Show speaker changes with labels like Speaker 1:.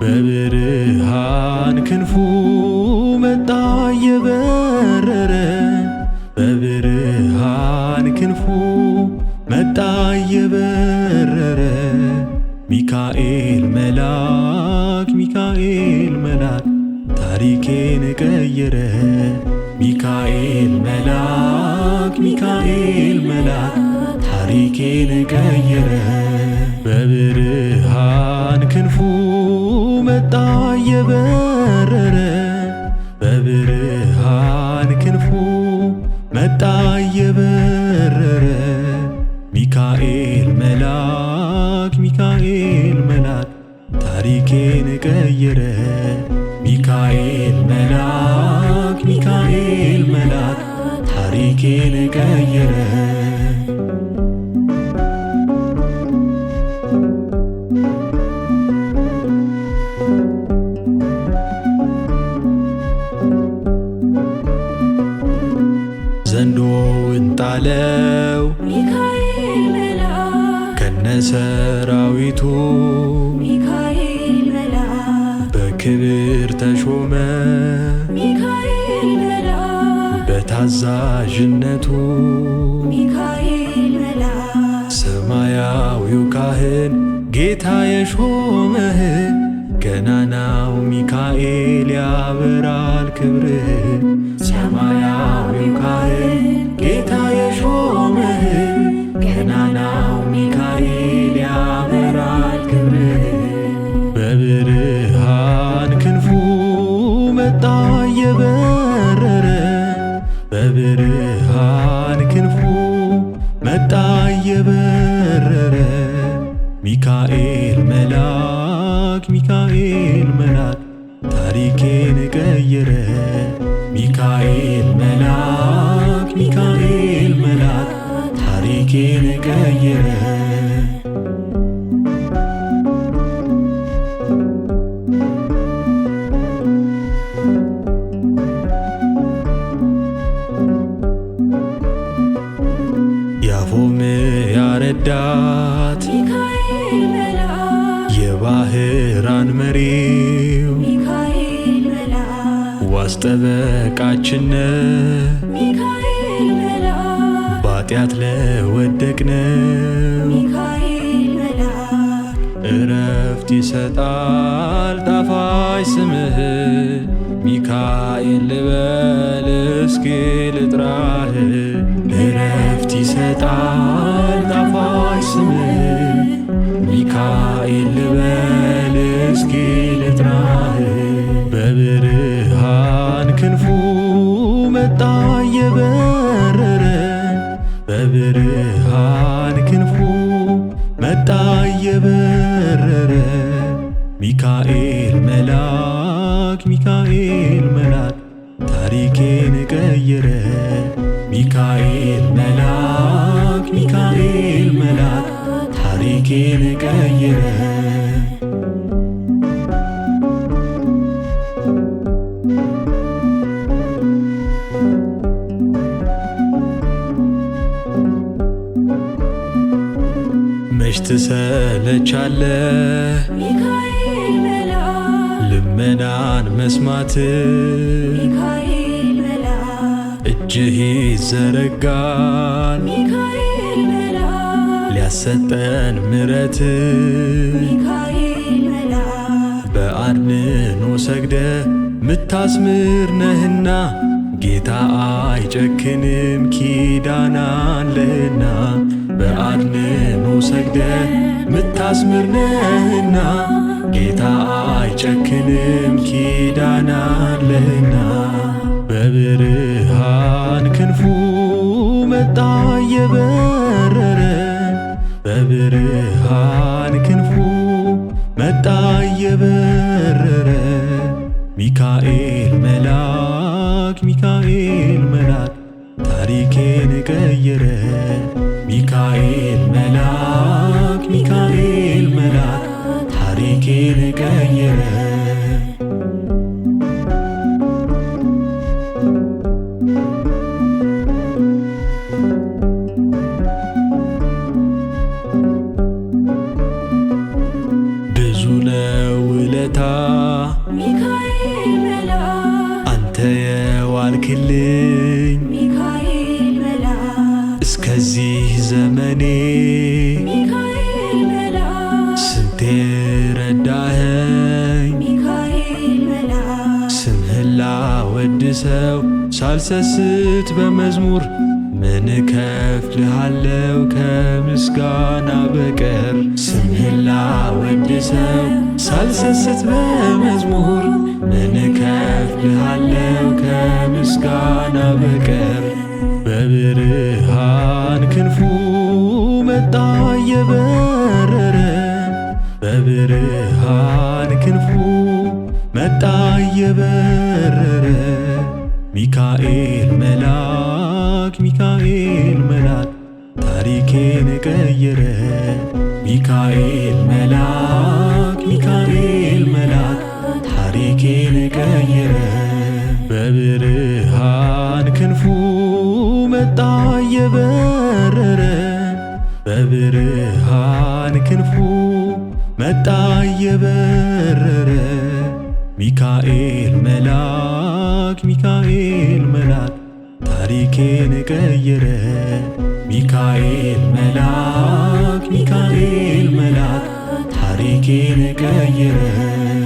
Speaker 1: በብርሃን ክንፉ መጣ የበ መጣ እየበረረ ሚካኤል መላክ ሚካኤል መላክ ታሪኬን ቀየረ። ሚካኤል መላክ ሚካኤል መላክ ታሪኬን ቀየረ። በብርሃን ክንፉ መጣ እየበረረ በብርሃን ክንፉ መጣ ታሪኬን ቀየረ ሚካኤል መልአክ ሚካኤል መልአክ ታሪኬን ቀየረ ዘንዶውን ጣለው ከነሰራዊቱ አዛዥነቱ ሰማያዊው ካህን ጌታ የሾመህ ገናናው ሚካኤል ያበራል ክብርህ
Speaker 2: ሰማያዊው ካህን ጌታ የሾመህ
Speaker 1: ሚካኤል መላክ ሚካኤል መላክ ታሪኬን ቀየረ። ሚካኤል መላክ ሚካኤል መላክ ታሪኬን ቀየረ። ያፎም ያረዳ ስራን መሪው ዋስ ጠበቃችን በኃጢአት ለወደቅነው እረፍት ይሰጣል ጣፋጭ ስምህ ሚካኤል ልበል እስኪ ልጥራህ እረፍት ይሰጣል ጣፋጭ ስምህ ሚካኤል ልበል እስኪ ልጥራህ በብርሃን ክንፉ መጣ እየበረረ በብርሃን ክንፉ መጣ እየበረረ ሚካኤል መላክ ሚካኤል መላክ ታሪኬን ቀየረ ሚካኤል መላክ ሚካኤል መላክ ታሪኬን ቀየረ መች ትሰለቻለ ልመናን መስማት እጅህ ይዘረጋል ያሰጠን ምረት በአድንኖ ሰግደ ምታስምር ነህና ጌታ አይጨክንም ኪዳናለና በአድንኖ ሰግደ ምታስምር ነህና ጌታ አይጨክንም ኪዳናለና በብርሃን ክንፉ መጣ የበረረ በብርሃን ክንፉ መጣ እየበረረ ሚካኤል መላክ ሚካኤል መላክ ታሪኬን ቀየረ። እስከዚህ ዘመኔ ስንቴ ረዳኸኝ ስምህላ ወድሰው ሳልሰስት በመዝሙር ምን ከፍልሃለው ከምስጋና በቀር ስምህን ላወድሰው ሳልሰስት በመዝሙር ምን ከፍልሃለው ከምስጋና በቀር በብር እየወጣ እየበረረ በብርሃን ክንፉ መጣ እየበረረ ሚካኤል መልአክ ሚካኤል መልአክ ታሪኬን ቀየረ ሚካኤል መልአክ ሚካኤል መልአክ ታሪኬን ቀየረ በብርሃን ክንፉ መጣ እየበረረ በብርሃን ክንፉ መጣ እየበረረ ሚካኤል መልአክ ሚካኤል መልአክ ታሪኬን ቀየረ። ሚካኤል መልአክ ሚካኤል መልአክ ታሪኬን ቀየረ።